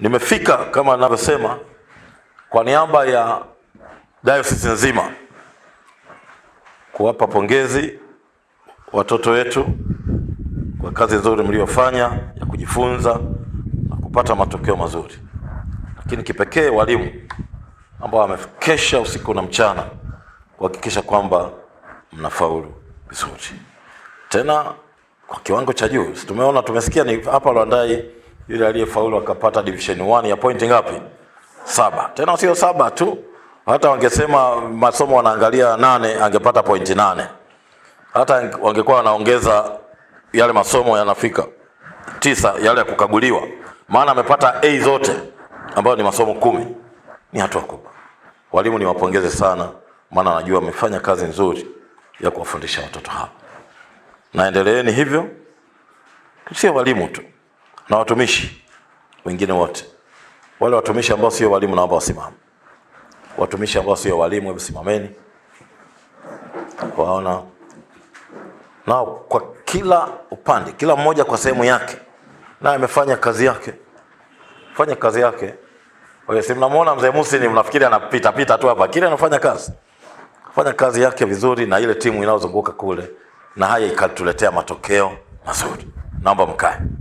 Nimefika kama anavyosema kwa niaba ya dayosisi nzima kuwapa pongezi watoto wetu kwa kazi nzuri mliyofanya ya kujifunza na kupata matokeo mazuri, lakini kipekee walimu ambao wamekesha usiku na mchana kuhakikisha kwamba mnafaulu vizuri, tena kwa kiwango cha juu. Tumeona tumesikia ni hapa Lwandai yule aliyefaulu akapata division 1 ya pointi ngapi? Saba. Tena sio saba tu, hata wangesema masomo wanaangalia nane, angepata pointi nane. Hata wangekuwa wanaongeza yale masomo yanafika tisa, yale ya kukaguliwa, maana amepata A zote ambayo ni masomo kumi. Ni hatua kubwa. Walimu niwapongeze sana, maana najua wamefanya kazi nzuri ya kuwafundisha watoto hapa. Naendeleeni hivyo, sio walimu tu na watumishi wengine wote. Wale watumishi ambao sio walimu naomba wasimame. Watumishi ambao sio walimu hebu simameni. Waona na kwa kila upande, kila mmoja kwa sehemu yake, na amefanya kazi yake, fanya kazi yake. Wewe si mnamuona mzee Musi, ni mnafikiri anapita pita tu hapa, kile anafanya kazi, fanya kazi yake vizuri, na ile timu inayozunguka kule, na haya ikatuletea matokeo mazuri. Naomba mkae.